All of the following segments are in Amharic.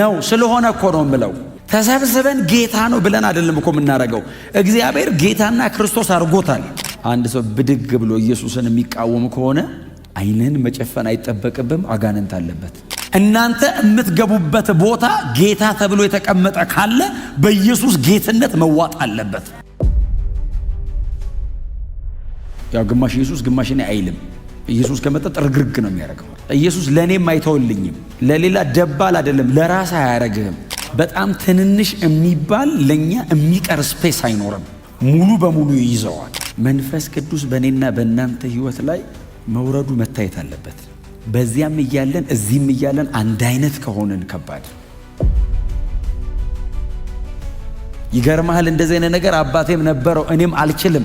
ነው። ስለሆነ እኮ ነው የምለው። ተሰብስበን ጌታ ነው ብለን አይደለም እኮ የምናደርገው። እግዚአብሔር ጌታና ክርስቶስ አድርጎታል። አንድ ሰው ብድግ ብሎ ኢየሱስን የሚቃወም ከሆነ ዓይንህን መጨፈን አይጠበቅብም። አጋንንት አለበት። እናንተ የምትገቡበት ቦታ ጌታ ተብሎ የተቀመጠ ካለ በኢየሱስ ጌትነት መዋጥ አለበት። ያው ግማሽ ኢየሱስ ግማሽ እኔ አይልም። ኢየሱስ ከመጣ ጥርግርግ ነው የሚያደርገው። ኢየሱስ ለእኔም አይተውልኝም። ለሌላ ደባል አይደለም፣ ለራስ አያደርግህም። በጣም ትንንሽ የሚባል ለእኛ የሚቀር ስፔስ አይኖርም፣ ሙሉ በሙሉ ይይዘዋል። መንፈስ ቅዱስ በእኔና በእናንተ ህይወት ላይ መውረዱ መታየት አለበት። በዚያም እያለን እዚህም እያለን አንድ አይነት ከሆንን ከባድ ይገርመሃል። እንደዚህ አይነት ነገር አባቴም ነበረው እኔም አልችልም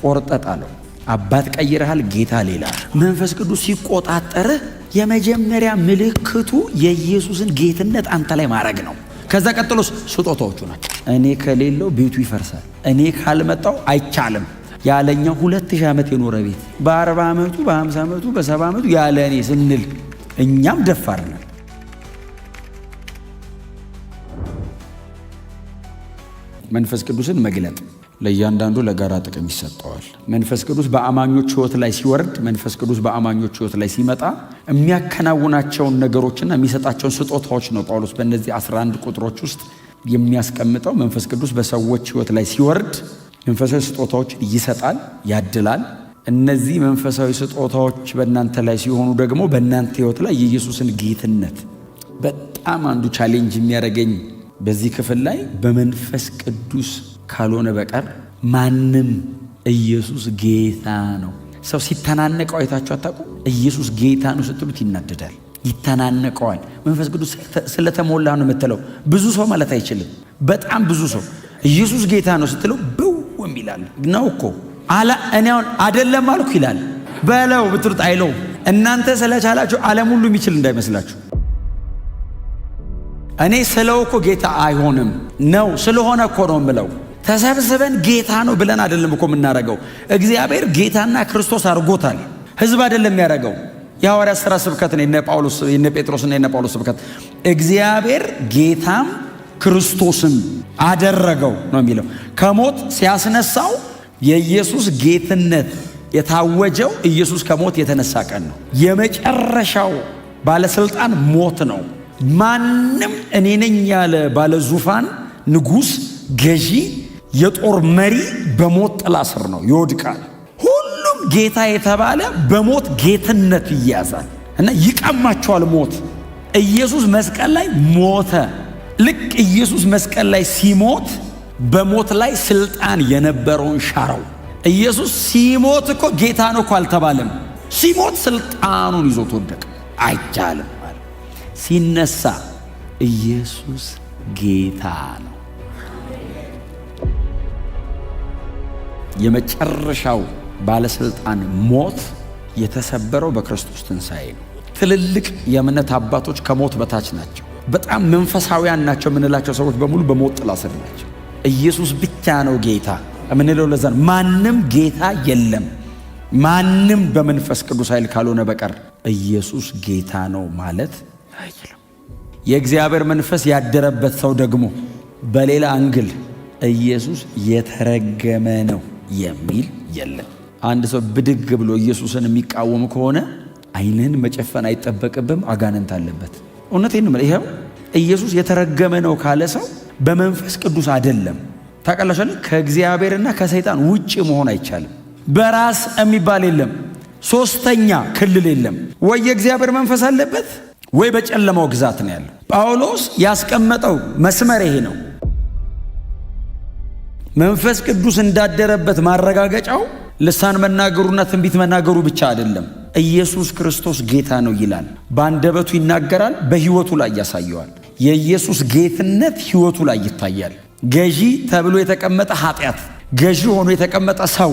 ቆርጠጥ አለው አባት ቀይረሃል፣ ጌታ ሌላ። መንፈስ ቅዱስ ሲቆጣጠርህ የመጀመሪያ ምልክቱ የኢየሱስን ጌትነት አንተ ላይ ማድረግ ነው። ከዛ ቀጥሎስ ስጦታዎቹ ናቸው። እኔ ከሌለው ቤቱ ይፈርሳል። እኔ ካልመጣው አይቻልም። ያለኛው ሁለት ሺህ ዓመት የኖረ ቤት በአርባ ዓመቱ በ50 ዓመቱ በሰባ ዓመቱ ያለ እኔ ስንል እኛም ደፋር ነን። መንፈስ ቅዱስን መግለጥ ለእያንዳንዱ ለጋራ ጥቅም ይሰጠዋል። መንፈስ ቅዱስ በአማኞች ሕይወት ላይ ሲወርድ፣ መንፈስ ቅዱስ በአማኞች ሕይወት ላይ ሲመጣ የሚያከናውናቸውን ነገሮችና የሚሰጣቸውን ስጦታዎች ነው ጳውሎስ በእነዚህ 11 ቁጥሮች ውስጥ የሚያስቀምጠው። መንፈስ ቅዱስ በሰዎች ሕይወት ላይ ሲወርድ መንፈሳዊ ስጦታዎችን ይሰጣል፣ ያድላል። እነዚህ መንፈሳዊ ስጦታዎች በእናንተ ላይ ሲሆኑ ደግሞ በእናንተ ሕይወት ላይ የኢየሱስን ጌትነት በጣም አንዱ ቻሌንጅ የሚያደርገኝ በዚህ ክፍል ላይ በመንፈስ ቅዱስ ካልሆነ በቀር ማንም ኢየሱስ ጌታ ነው። ሰው ሲተናነቀው አይታችሁ አታቁ ኢየሱስ ጌታ ነው ስትሉት ይናደዳል፣ ይተናነቀዋል። መንፈስ ቅዱስ ስለተሞላ ነው የምትለው። ብዙ ሰው ማለት አይችልም። በጣም ብዙ ሰው ኢየሱስ ጌታ ነው ስትለው ብውም ይላል። ነው እኮ አላ እኔ አሁን አደለም አልኩ ይላል። በለው ብትሉት አይለው። እናንተ ስለቻላችሁ ዓለም ሁሉ የሚችል እንዳይመስላችሁ። እኔ ስለው እኮ ጌታ አይሆንም ነው ስለሆነ እኮ ነው ምለው ተሰብስበን ጌታ ነው ብለን አይደለም እኮ የምናረገው። እግዚአብሔር ጌታና ክርስቶስ አድርጎታል። ህዝብ አይደለም ያደረገው። የሐዋርያት ሥራ ስብከት ነው የነ ጴጥሮስና የነ ጳውሎስ ስብከት። እግዚአብሔር ጌታም ክርስቶስም አደረገው ነው የሚለው። ከሞት ሲያስነሳው የኢየሱስ ጌትነት የታወጀው ኢየሱስ ከሞት የተነሳ ቀን ነው። የመጨረሻው ባለስልጣን ሞት ነው። ማንም እኔ ነኝ ያለ ባለ ዙፋን ንጉሥ ገዢ የጦር መሪ በሞት ጥላ ስር ነው ይወድቃል። ሁሉም ጌታ የተባለ በሞት ጌትነት ይያዛል እና ይቀማቸዋል ሞት። ኢየሱስ መስቀል ላይ ሞተ። ልክ ኢየሱስ መስቀል ላይ ሲሞት በሞት ላይ ስልጣን የነበረውን ሻረው። ኢየሱስ ሲሞት እኮ ጌታ ነው እኮ አልተባለም። ሲሞት ስልጣኑን ይዞ ተወደቀ አይቻልም። ሲነሳ ኢየሱስ ጌታ ነው። የመጨረሻው ባለስልጣን ሞት የተሰበረው በክርስቶስ ትንሣኤ ነው። ትልልቅ የእምነት አባቶች ከሞት በታች ናቸው። በጣም መንፈሳውያን ናቸው የምንላቸው ሰዎች በሙሉ በሞት ጥላ ስር ናቸው። ኢየሱስ ብቻ ነው ጌታ የምንለው ለዛ ነው። ማንም ጌታ የለም፣ ማንም በመንፈስ ቅዱስ ኃይል ካልሆነ በቀር ኢየሱስ ጌታ ነው ማለት አይችልም። የእግዚአብሔር መንፈስ ያደረበት ሰው ደግሞ በሌላ አንግል ኢየሱስ የተረገመ ነው። የሚል የለም። አንድ ሰው ብድግ ብሎ ኢየሱስን የሚቃወም ከሆነ አይንን መጨፈን አይጠበቅብም፣ አጋንንት አለበት። እውነቴን እምልህ ይኸው ኢየሱስ የተረገመ ነው ካለ ሰው በመንፈስ ቅዱስ አይደለም። ታቀላሻለ ከእግዚአብሔርና ከሰይጣን ውጭ መሆን አይቻልም። በራስ የሚባል የለም። ሶስተኛ ክልል የለም። ወይ የእግዚአብሔር መንፈስ አለበት ወይ በጨለማው ግዛት ነው ያለው። ጳውሎስ ያስቀመጠው መስመር ይሄ ነው። መንፈስ ቅዱስ እንዳደረበት ማረጋገጫው ልሳን መናገሩና ትንቢት መናገሩ ብቻ አይደለም። ኢየሱስ ክርስቶስ ጌታ ነው ይላል። በአንደበቱ ይናገራል፣ በሕይወቱ ላይ ያሳየዋል። የኢየሱስ ጌትነት ሕይወቱ ላይ ይታያል። ገዢ ተብሎ የተቀመጠ ኃጢአት፣ ገዢ ሆኖ የተቀመጠ ሰው፣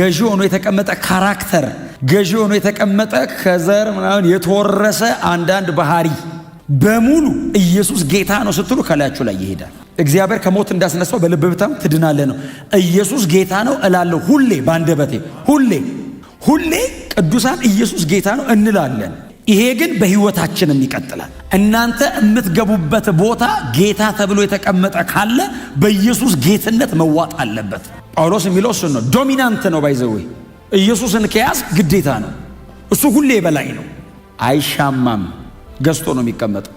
ገዢ ሆኖ የተቀመጠ ካራክተር፣ ገዢ ሆኖ የተቀመጠ ከዘር ምናምን የተወረሰ አንዳንድ ባህሪ በሙሉ ኢየሱስ ጌታ ነው ስትሉ ከላያችሁ ላይ ይሄዳል። እግዚአብሔር ከሞት እንዳስነሳው በልብ ብታም ትድናለህ ነው። ኢየሱስ ጌታ ነው እላለሁ ሁሌ በአንደበቴ ሁሌ ሁሌ ቅዱሳን ኢየሱስ ጌታ ነው እንላለን። ይሄ ግን በሕይወታችንም ይቀጥላል። እናንተ የምትገቡበት ቦታ ጌታ ተብሎ የተቀመጠ ካለ በኢየሱስ ጌትነት መዋጥ አለበት። ጳውሎስ የሚለው እሱን ነው። ዶሚናንት ነው ባይዘዌ ኢየሱስን ከያዝ ግዴታ ነው። እሱ ሁሌ በላይ ነው፣ አይሻማም። ገዝቶ ነው የሚቀመጠው።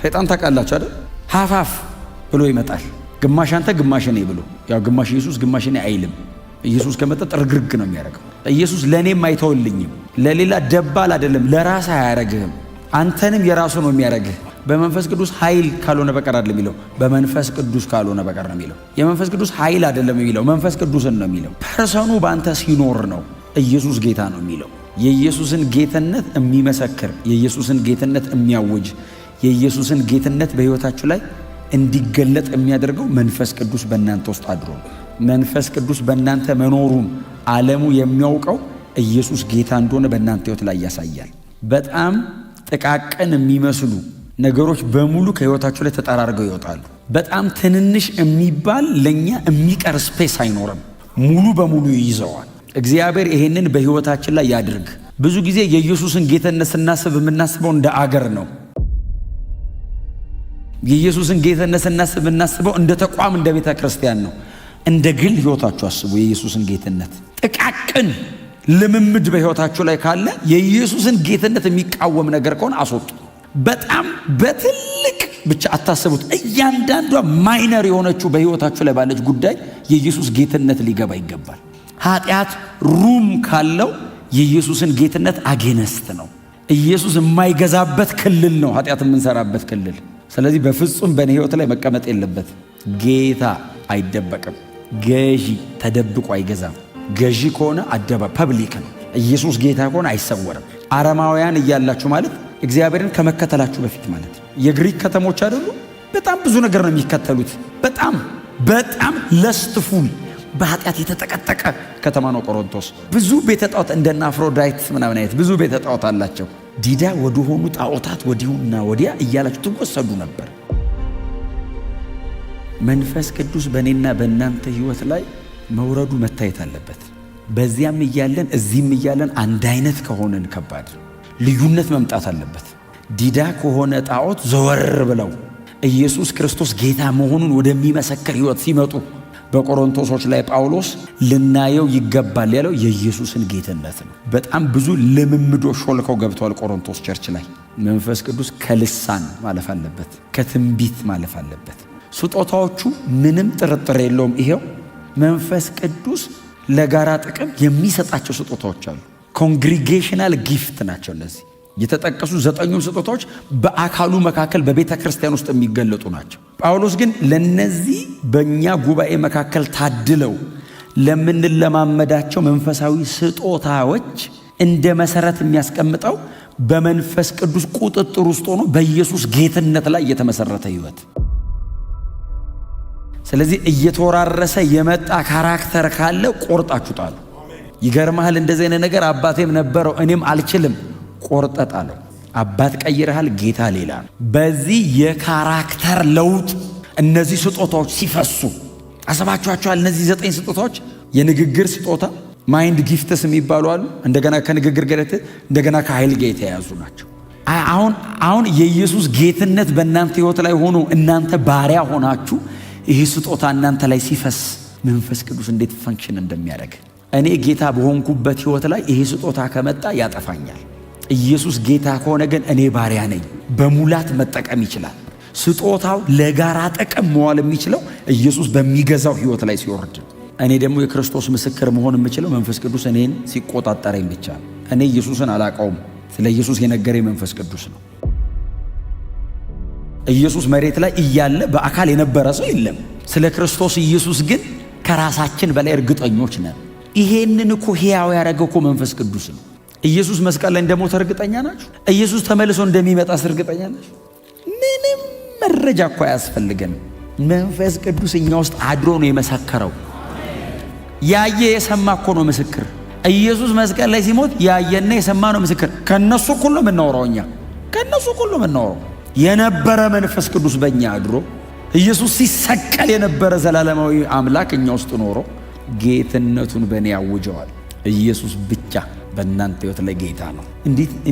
ሰይጣን ታውቃላችሁ አይደል? ሀፋፍ ብሎ ይመጣል። ግማሽ አንተ ግማሽ እኔ ብሎ ያው ግማሽ ኢየሱስ ግማሽ እኔ አይልም። ኢየሱስ ከመጣ ጥርግርግ ነው የሚያደርገው። ኢየሱስ ለእኔም አይተውልኝም። ለሌላ ደባል አይደለም፣ ለራስ አያረግህም። አንተንም የራሱ ነው የሚያደርግህ። በመንፈስ ቅዱስ ኃይል ካልሆነ በቀር አይደለም የሚለው፣ በመንፈስ ቅዱስ ካልሆነ በቀር ነው የሚለው። የመንፈስ ቅዱስ ኃይል አይደለም የሚለው፣ መንፈስ ቅዱስን ነው የሚለው። ፐርሰኑ በአንተ ሲኖር ነው ኢየሱስ ጌታ ነው የሚለው። የኢየሱስን ጌትነት የሚመሰክር የኢየሱስን ጌትነት የሚያውጅ የኢየሱስን ጌትነት በሕይወታችሁ ላይ እንዲገለጥ የሚያደርገው መንፈስ ቅዱስ በእናንተ ውስጥ አድሮ መንፈስ ቅዱስ በእናንተ መኖሩን ዓለሙ የሚያውቀው ኢየሱስ ጌታ እንደሆነ በእናንተ ሕይወት ላይ ያሳያል። በጣም ጥቃቅን የሚመስሉ ነገሮች በሙሉ ከሕይወታችሁ ላይ ተጠራርገው ይወጣሉ። በጣም ትንንሽ የሚባል ለእኛ የሚቀር ስፔስ አይኖርም፣ ሙሉ በሙሉ ይይዘዋል። እግዚአብሔር ይሄንን በሕይወታችን ላይ ያድርግ። ብዙ ጊዜ የኢየሱስን ጌትነት ስናስብ የምናስበው እንደ አገር ነው። የኢየሱስን ጌትነት ስናስብ እናስበው እንደ ተቋም እንደ ቤተ ክርስቲያን ነው። እንደ ግል ህይወታችሁ አስቡ የኢየሱስን ጌትነት። ጥቃቅን ልምምድ በህይወታችሁ ላይ ካለ የኢየሱስን ጌትነት የሚቃወም ነገር ከሆነ አስወጡ። በጣም በትልቅ ብቻ አታስቡት። እያንዳንዷ ማይነር የሆነችው በህይወታችሁ ላይ ባለች ጉዳይ የኢየሱስ ጌትነት ሊገባ ይገባል። ኃጢአት ሩም ካለው የኢየሱስን ጌትነት አጌነስት ነው። ኢየሱስ የማይገዛበት ክልል ነው ኃጢአት የምንሰራበት ክልል ስለዚህ በፍጹም በእኔ ህይወት ላይ መቀመጥ የለበት። ጌታ አይደበቅም። ገዢ ተደብቆ አይገዛም። ገዢ ከሆነ አደበ ፐብሊክ ነው። ኢየሱስ ጌታ ከሆነ አይሰወርም። አረማውያን እያላችሁ ማለት እግዚአብሔርን ከመከተላችሁ በፊት ማለት ነው። የግሪክ ከተሞች አይደሉ? በጣም ብዙ ነገር ነው የሚከተሉት። በጣም በጣም ለስትፉል በኃጢአት የተጠቀጠቀ ከተማ ነው ቆሮንቶስ። ብዙ ቤተ ጣዖት እንደነ አፍሮዳይት ምናምን አይነት ብዙ ቤተ ጣዖት አላቸው። ዲዳ ወደሆኑ ጣዖታት ወዲሁና ወዲያ እያላችሁ ትወሰዱ ነበር። መንፈስ ቅዱስ በእኔና በእናንተ ሕይወት ላይ መውረዱ መታየት አለበት። በዚያም እያለን እዚህም እያለን አንድ አይነት ከሆነን ከባድ ልዩነት መምጣት አለበት። ዲዳ ከሆነ ጣዖት ዘወር ብለው ኢየሱስ ክርስቶስ ጌታ መሆኑን ወደሚመሰክር ሕይወት ሲመጡ በቆሮንቶሶች ላይ ጳውሎስ ልናየው ይገባል ያለው የኢየሱስን ጌትነት ነው። በጣም ብዙ ልምምዶች ሾልከው ገብተዋል ቆሮንቶስ ቸርች ላይ። መንፈስ ቅዱስ ከልሳን ማለፍ አለበት፣ ከትንቢት ማለፍ አለበት። ስጦታዎቹ ምንም ጥርጥር የለውም። ይሄው መንፈስ ቅዱስ ለጋራ ጥቅም የሚሰጣቸው ስጦታዎች አሉ። ኮንግሪጌሽናል ጊፍት ናቸው እነዚህ የተጠቀሱ ዘጠኙም ስጦታዎች በአካሉ መካከል በቤተ ክርስቲያን ውስጥ የሚገለጡ ናቸው። ጳውሎስ ግን ለነዚህ በእኛ ጉባኤ መካከል ታድለው ለምንለማመዳቸው መንፈሳዊ ስጦታዎች እንደ መሰረት የሚያስቀምጠው በመንፈስ ቅዱስ ቁጥጥር ውስጥ ሆኖ በኢየሱስ ጌትነት ላይ የተመሰረተ ህይወት ስለዚህ እየተወራረሰ የመጣ ካራክተር ካለ ቆርጣችሁ ጣሉ። ይገርመሃል፣ እንደዚህ አይነት ነገር አባቴም ነበረው እኔም አልችልም ቆርጠጥ አለው። አባት ቀይረሃል፣ ጌታ ሌላ ነው። በዚህ የካራክተር ለውጥ እነዚህ ስጦታዎች ሲፈሱ አሰባችኋቸዋል። እነዚህ ዘጠኝ ስጦታዎች የንግግር ስጦታ ማይንድ ጊፍትስ የሚባሉ አሉ። እንደገና ከንግግር ገለት እንደገና ከኃይል ጋር የተያያዙ ናቸው። አሁን አሁን የኢየሱስ ጌትነት በእናንተ ሕይወት ላይ ሆኖ እናንተ ባሪያ ሆናችሁ ይህ ስጦታ እናንተ ላይ ሲፈስ መንፈስ ቅዱስ እንዴት ፈንክሽን እንደሚያደርግ እኔ ጌታ በሆንኩበት ሕይወት ላይ ይሄ ስጦታ ከመጣ ያጠፋኛል። ኢየሱስ ጌታ ከሆነ ግን እኔ ባሪያ ነኝ። በሙላት መጠቀም ይችላል። ስጦታው ለጋራ ጥቅም መዋል የሚችለው ኢየሱስ በሚገዛው ሕይወት ላይ ሲወርድ፣ እኔ ደግሞ የክርስቶስ ምስክር መሆን የምችለው መንፈስ ቅዱስ እኔን ሲቆጣጠረኝ ብቻ። እኔ ኢየሱስን አላውቀውም። ስለ ኢየሱስ የነገረኝ መንፈስ ቅዱስ ነው። ኢየሱስ መሬት ላይ እያለ በአካል የነበረ ሰው የለም። ስለ ክርስቶስ ኢየሱስ ግን ከራሳችን በላይ እርግጠኞች ነን። ይሄንን እኮ ሕያው ያደረገው እኮ መንፈስ ቅዱስ ነው። ኢየሱስ መስቀል ላይ እንደሞተ እርግጠኛ ናችሁ? ኢየሱስ ተመልሶ እንደሚመጣስ እርግጠኛ ናችሁ? ምንም መረጃ እኮ አያስፈልገን። መንፈስ ቅዱስ እኛ ውስጥ አድሮ ነው የመሰከረው። ያየ የሰማ እኮ ነው ምስክር። ኢየሱስ መስቀል ላይ ሲሞት ያየና የሰማ ነው ምስክር። ከነሱ ሁሉ የምናወራው እኛ ከነሱ ሁሉ የምናወራው የነበረ መንፈስ ቅዱስ በእኛ አድሮ ኢየሱስ ሲሰቀል የነበረ ዘላለማዊ አምላክ እኛ ውስጥ ኖሮ ጌትነቱን በእኔ ያውጀዋል። ኢየሱስ ብቻ በእናንተ ህይወት ላይ ጌታ ነው።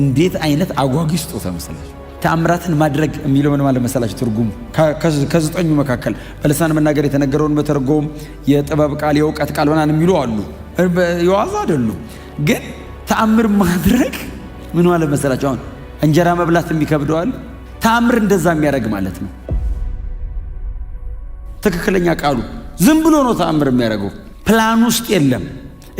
እንዴት አይነት አጓጊ ስጦታ መሰላችሁ! ተአምራትን ማድረግ የሚለው ምን ማለት መሰላችሁ? ከዘጠኙ መካከል በልሳን መናገር የተነገረውን መተርጎም፣ የጥበብ ቃል፣ የእውቀት ቃል ምናምን የሚሉ አሉ። የዋዛ አይደሉም። ግን ተአምር ማድረግ ምን ማለት መሰላችሁ? አሁን እንጀራ መብላት የሚከብደዋል። ተአምር እንደዛ የሚያደርግ ማለት ነው። ትክክለኛ ቃሉ ዝም ብሎ ነው ተአምር የሚያደርገው። ፕላን ውስጥ የለም፣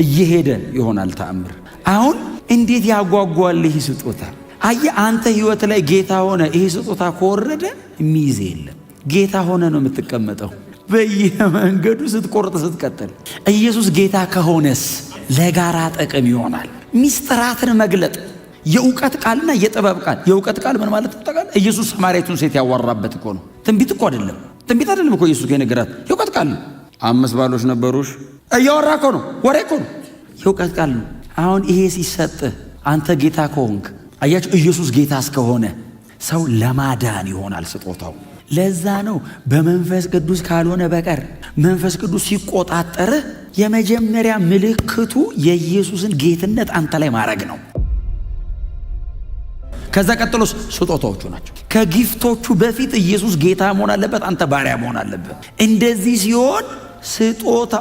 እየሄደ ይሆናል ተአምር። አሁን እንዴት ያጓጓል ይህ ስጦታ! አየ አንተ ህይወት ላይ ጌታ ሆነ ይህ ስጦታ ከወረደ የሚይዝ የለም። ጌታ ሆነ ነው የምትቀመጠው በየመንገዱ ስትቆርጥ ስትቀጥል። ኢየሱስ ጌታ ከሆነስ ለጋራ ጥቅም ይሆናል። ሚስጥራትን መግለጥ የእውቀት ቃልና የጥበብ ቃል። የእውቀት ቃል ምን ማለት ጠቃል? ኢየሱስ ሰማርያቱን ሴት ያዋራበት እኮ ነው። ትንቢት እኮ አይደለም። ትንቢት አይደለም እኮ ኢየሱስ የነገራት የእውቀት ቃል ነው። አምስት ባሎች ነበሩሽ እያወራ እኮ ነው። ወሬ እኮ ነው። የእውቀት ቃል ነው። አሁን ይሄ ሲሰጥ አንተ ጌታ ከሆንክ አያችሁ፣ ኢየሱስ ጌታ እስከሆነ ሰው ለማዳን ይሆናል ስጦታው። ለዛ ነው በመንፈስ ቅዱስ ካልሆነ በቀር መንፈስ ቅዱስ ሲቆጣጠርህ የመጀመሪያ ምልክቱ የኢየሱስን ጌትነት አንተ ላይ ማድረግ ነው። ከዛ ቀጥሎስ ስጦታዎቹ ናቸው። ከጊፍቶቹ በፊት ኢየሱስ ጌታ መሆን አለበት፣ አንተ ባሪያ መሆን አለበት። እንደዚህ ሲሆን ስጦታ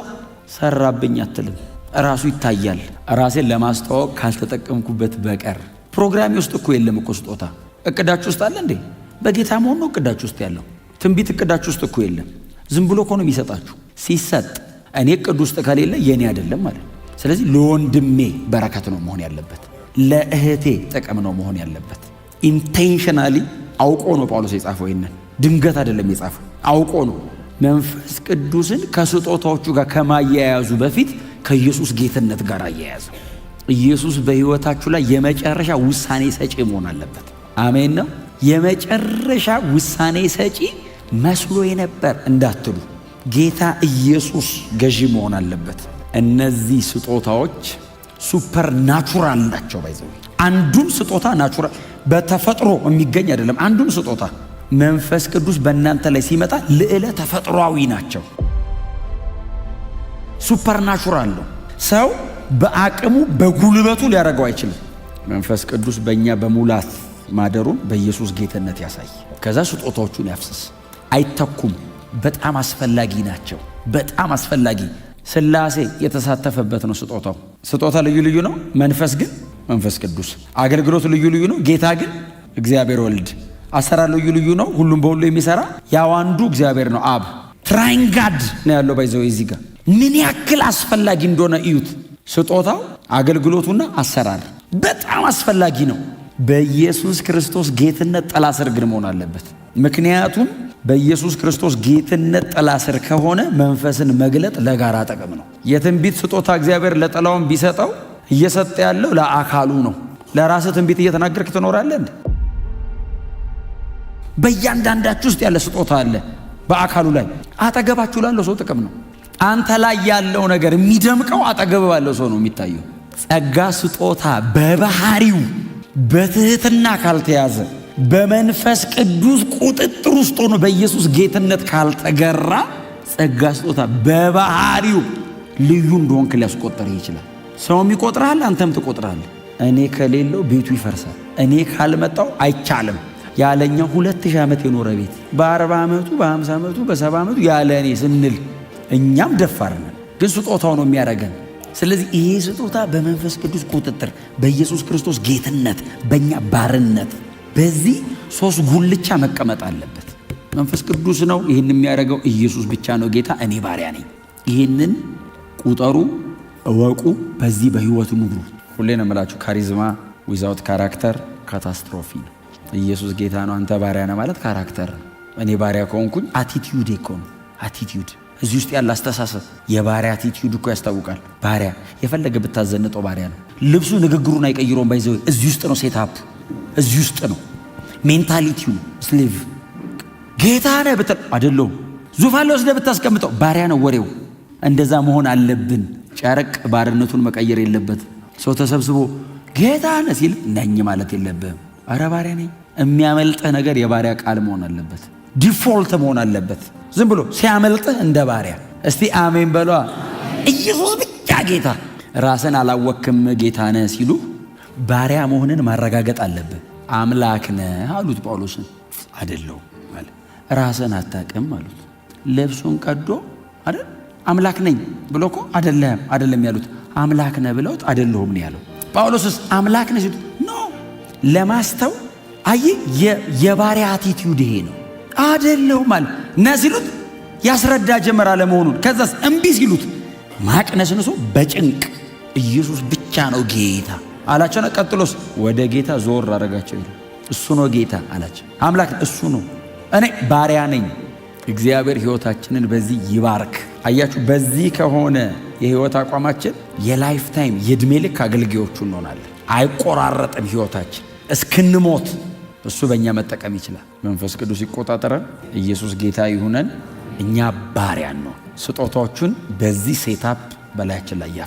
ሰራብኝ አትልም። ራሱ ይታያል። ራሴን ለማስተዋወቅ ካልተጠቀምኩበት በቀር ፕሮግራሜ ውስጥ እኮ የለም እኮ ስጦታ። እቅዳችሁ ውስጥ አለ እንዴ? በጌታ መሆን ነው እቅዳችሁ ውስጥ ያለው። ትንቢት እቅዳችሁ ውስጥ እኮ የለም። ዝም ብሎ እኮ ነው የሚሰጣችሁ። ሲሰጥ እኔ እቅድ ውስጥ ከሌለ የእኔ አይደለም ማለት ስለዚህ ለወንድሜ በረከት ነው መሆን ያለበት፣ ለእህቴ ጥቅም ነው መሆን ያለበት። ኢንቴንሽናሊ አውቆ ነው ጳውሎስ የጻፈው። ይንን ድንገት አይደለም የጻፈው፣ አውቆ ነው። መንፈስ ቅዱስን ከስጦታዎቹ ጋር ከማያያዙ በፊት ከኢየሱስ ጌትነት ጋር አያያዘው። ኢየሱስ በሕይወታችሁ ላይ የመጨረሻ ውሳኔ ሰጪ መሆን አለበት። አሜን ነው። የመጨረሻ ውሳኔ ሰጪ መስሎ የነበር እንዳትሉ፣ ጌታ ኢየሱስ ገዢ መሆን አለበት። እነዚህ ስጦታዎች ሱፐር ናቹራል ናቸው። ባይዘው አንዱም ስጦታ ናቹራል በተፈጥሮ የሚገኝ አይደለም። አንዱም ስጦታ መንፈስ ቅዱስ በእናንተ ላይ ሲመጣ ልዕለ ተፈጥሯዊ ናቸው። ሱፐርናቹራል ነው። ሰው በአቅሙ በጉልበቱ ሊያደርገው አይችልም። መንፈስ ቅዱስ በእኛ በሙላት ማደሩን በኢየሱስ ጌትነት ያሳይ። ከዛ ስጦታዎቹን ያፍስስ። አይተኩም። በጣም አስፈላጊ ናቸው። በጣም አስፈላጊ ስላሴ የተሳተፈበት ነው ስጦታው። ስጦታ ልዩ ልዩ ነው። መንፈስ ግን መንፈስ ቅዱስ፣ አገልግሎት ልዩ ልዩ ነው። ጌታ ግን እግዚአብሔር ወልድ፣ አሰራር ልዩ ልዩ ነው። ሁሉም በሁሉ የሚሰራ ያው አንዱ እግዚአብሔር ነው አብ። ትራይንጋድ ነው ያለው ባይዘው እዚህ ጋር ምን ያክል አስፈላጊ እንደሆነ እዩት። ስጦታው፣ አገልግሎቱና አሰራር በጣም አስፈላጊ ነው። በኢየሱስ ክርስቶስ ጌትነት ጥላ ስር ግን መሆን አለበት። ምክንያቱም በኢየሱስ ክርስቶስ ጌትነት ጥላ ስር ከሆነ መንፈስን መግለጥ ለጋራ ጥቅም ነው። የትንቢት ስጦታ እግዚአብሔር ለጥላውን ቢሰጠው እየሰጠ ያለው ለአካሉ ነው። ለራስህ ትንቢት እየተናገርክ ትኖራለህ። በእያንዳንዳችሁ ውስጥ ያለ ስጦታ አለ። በአካሉ ላይ አጠገባችሁ ላለው ሰው ጥቅም ነው። አንተ ላይ ያለው ነገር የሚደምቀው አጠገብ ባለው ሰው ነው የሚታየው። ጸጋ ስጦታ በባህሪው በትህትና ካልተያዘ በመንፈስ ቅዱስ ቁጥጥር ውስጥ ሆኖ በኢየሱስ ጌትነት ካልተገራ ጸጋ ስጦታ በባህሪው ልዩ እንደሆንክ ሊያስቆጥርህ ይችላል። ሰውም ይቆጥራል አንተም ትቆጥራል። እኔ ከሌለው ቤቱ ይፈርሳል። እኔ ካልመጣው አይቻልም። ያለኛው ሁለት ሺህ ዓመት የኖረ ቤት በአርባ ዓመቱ በአምሳ ዓመቱ በሰባ ዓመቱ ያለ እኔ ስንል እኛም ደፋር ነን፣ ግን ስጦታው ነው የሚያደርገን። ስለዚህ ይሄ ስጦታ በመንፈስ ቅዱስ ቁጥጥር በኢየሱስ ክርስቶስ ጌትነት በእኛ ባርነት በዚህ ሶስት ጉልቻ መቀመጥ አለበት። መንፈስ ቅዱስ ነው ይህን የሚያደርገው፣ ኢየሱስ ብቻ ነው ጌታ፣ እኔ ባሪያ ነኝ። ይህንን ቁጠሩ፣ እወቁ፣ በዚህ በህይወት ኑሩ። ሁሌ ነው የምላችሁ ካሪዝማ ዊዛውት ካራክተር ካታስትሮፊ ነው። ኢየሱስ ጌታ ነው፣ አንተ ባሪያ ነህ ማለት ካራክተር። እኔ ባሪያ ከሆንኩኝ አቲቲዩድ እኮ ነው አቲቲዩድ እዚህ ውስጥ ያለ አስተሳሰብ የባሪያ አቲቲዩድ እኮ ያስታውቃል። ባሪያ የፈለገ ብታዘንጠው ባሪያ ነው። ልብሱ ንግግሩን አይቀይሮን ባይዘ እዚህ ውስጥ ነው ሴት እዚህ ውስጥ ነው ሜንታሊቲው። ስሌቭ ጌታ ነህ ብትል አይደለሁም። ዙፋን ላይ ብታስቀምጠው ባሪያ ነው ወሬው። እንደዛ መሆን አለብን። ጨረቅ ባርነቱን መቀየር የለበት። ሰው ተሰብስቦ ጌታ ነህ ሲል ነኝ ማለት የለብህም። አረ ባሪያ ነኝ። የሚያመልጥህ ነገር የባሪያ ቃል መሆን አለበት። ዲፎልት መሆን አለበት። ዝም ብሎ ሲያመልጥህ እንደ ባሪያ እስቲ አሜን በሏ። ኢየሱስ ብቻ ጌታ። ራስን አላወክም ጌታ ነህ ሲሉ ባሪያ መሆንን ማረጋገጥ አለብህ። አምላክ ነህ አሉት ጳውሎስን። አይደለሁም ራስን አታቅም አሉት። ልብሱን ቀዶ አይደል አምላክ ነኝ ብሎ እኮ አይደለም አይደለም ያሉት አምላክ ነህ ብለውት አይደለሁም ነው ያለው። ጳውሎስስ አምላክ ነህ ሲሉት ኖ ለማስተው አይ የባሪያ አቲቲዩድ ይሄ ነው አደለሁም አለ ና ሲሉት ያስረዳ ጀመር አለመሆኑን። ከዛስ እምቢ ሲሉት ነስንሶ በጭንቅ ኢየሱስ ብቻ ነው ጌታ አላቸው። ቀጥሎስ ወደ ጌታ ዞር አረጋቸው። እሱ ነው ጌታ አላቸው። አምላክ እሱ ነው፣ እኔ ባሪያ ነኝ። እግዚአብሔር ሕይወታችንን በዚህ ይባርክ። አያችሁ፣ በዚህ ከሆነ የሕይወት አቋማችን የላይፍ ታይም የዕድሜ ልክ አገልጋዮቹ እንሆናለን። አይቆራረጥም ሕይወታችን እስክንሞት እሱ በእኛ መጠቀም ይችላል። መንፈስ ቅዱስ ይቆጣጠረን። ኢየሱስ ጌታ ይሁነን። እኛ ባሪያን ነው። ስጦታዎቹን በዚህ ሴታፕ በላያችን ላይ ያፍ